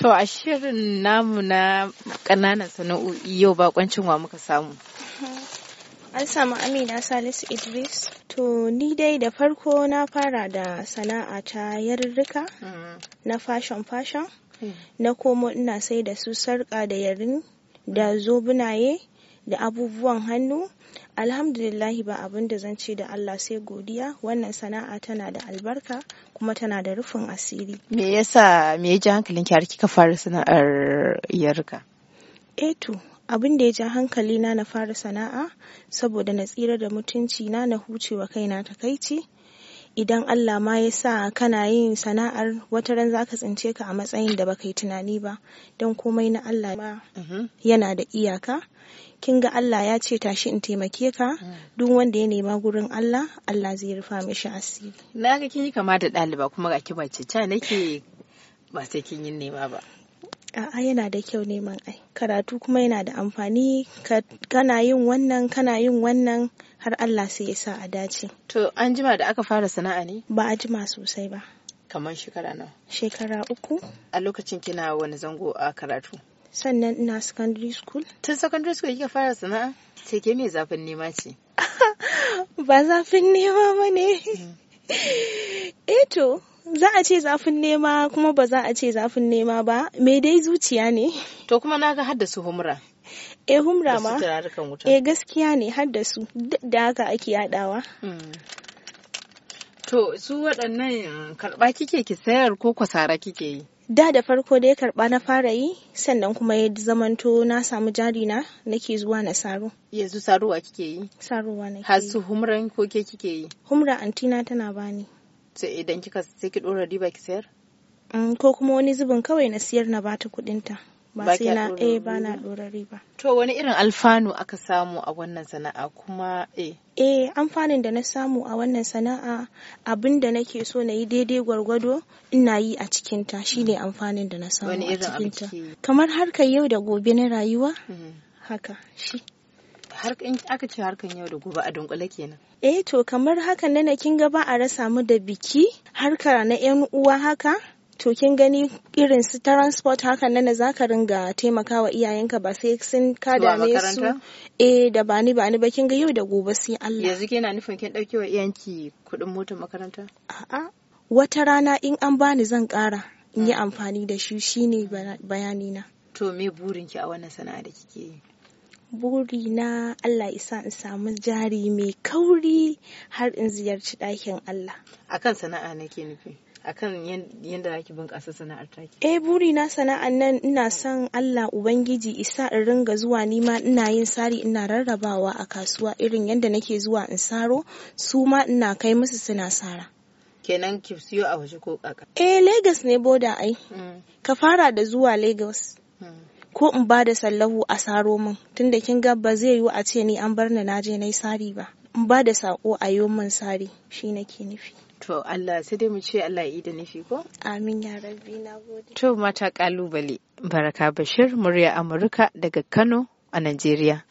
To a shirin namu na ƙananan sana'o'i yau bakoncin wa muka samu. Mm-hmm. An samu Amina Salisu Idris. To ni dai da farko na fara da sana'a ta yarurruka mm. na fashon-fashon. Mm. Na komo ina sai da su sarƙa da yarin da zobunaye da abubuwan hannu alhamdulillahi ba abin da zan ce da Allah sai godiya wannan sana'a tana da albarka kuma tana da rufin asiri me yasa me ya ji hankalin ki har kika fara sana'ar yarka Eto, eh to abin da ya ji hankali na na fara sana'a saboda na tsira da mutunci na na huce wa kaina takaici idan Allah ma ya sa kana yin sana'ar wata ran zaka tsince ka a matsayin da baka yi tunani ba don komai na Allah ma mm-hmm. yana da iyaka kin ga Allah ya ce tashi in taimake ka mm. duk wanda ya nema gurin Allah Allah zai rufa mishi asiri na ga kin yi kama da ɗaliba kuma ga ki bace ta nake ba sai kin yi nema ba a'a yana da kyau neman ai karatu kuma yana da amfani kana yin wannan kana yin wannan har Allah sai ya sa a dace. To an jima da aka fara sana'a ne? Ba a jima sosai ba. Kamar shekara nawa? Shekara uku. A lokacin kina wani zango a karatu? Sannan ina secondary school. Tun secondary school kika fara sana'a? Ce ke mai zafin nema ce? ba zafin nema ba ne. Mm. Eh to, za a ce zafin nema kuma ba za a ce zafin nema ba, me dai zuciya ne. To kuma na ga haddasa humra. eh humra ma eh gaskiya ne har da su da haka ake yadawa hmm. to su waɗannan eh, karɓa kike ki sayar ko kwasara kike yi da da farko da ya na fara yi sannan kuma ya zamanto na samu jari na nake zuwa na saro yanzu saruwa kike yi saruwa nake har su humran ko ke kike yi humra antina tana bani sai idan kika sai ki dora riba ki sayar mm, ko kuma wani zubin kawai na siyar na bata kuɗinta. ba sai na eh, ba na to wani irin alfanu aka samu a wannan sana'a kuma e. eh amfanin da na samu a wannan sana'a abin da nake so na yi daidai gwargwado ina yi a cikinta shine amfanin da na samu a cikinta kamar harkar yau da gobe na rayuwa mm-hmm. haka shi har in aka ce harkan yau da gobe a dunkule kenan eh to kamar haka na kin gaba a rasa mu da biki harka na yan uwa haka to kin gani irin su transport haka nan za ka ringa taimakawa iyayenka ba sai sun ka dame su eh da ba ni ba ni ba kin ga yau da gobe sai Allah yanzu kina nufin kin dauke wa iyanki kuɗin motar makaranta a'a wata rana in an bani zan ƙara in yi ah. amfani da shi shine na. to me burin ki a wannan sana'a da kike yi burina Allah isa in samu jari mai kauri har in ziyarci ɗakin Allah. Akan sana'a nake nufi. akan yadda ake bunƙasa sana'ar taki eh buri na sana'an nan ina son Allah ubangiji isa in ringa zuwa nima ina yin sari ina rarrabawa a kasuwa irin yadda nake zuwa in saro su ma ina kai musu suna sara kenan ki siyo a waje ko kaka eh Lagos ne boda ai mm. ka fara da zuwa Lagos mm. ko in ba da sallahu a saro min tunda kin ga ba zai yiwu a ce ni an bar ni na je na yi sari ba in ba da sako a yi min sari shi nake nufi To Allah sai dai mu ce Allah ya yi da nufi ko? Amin ya rabbi na gode. To mata kalubale Baraka Bashir murya Amurka daga Kano a Najeriya.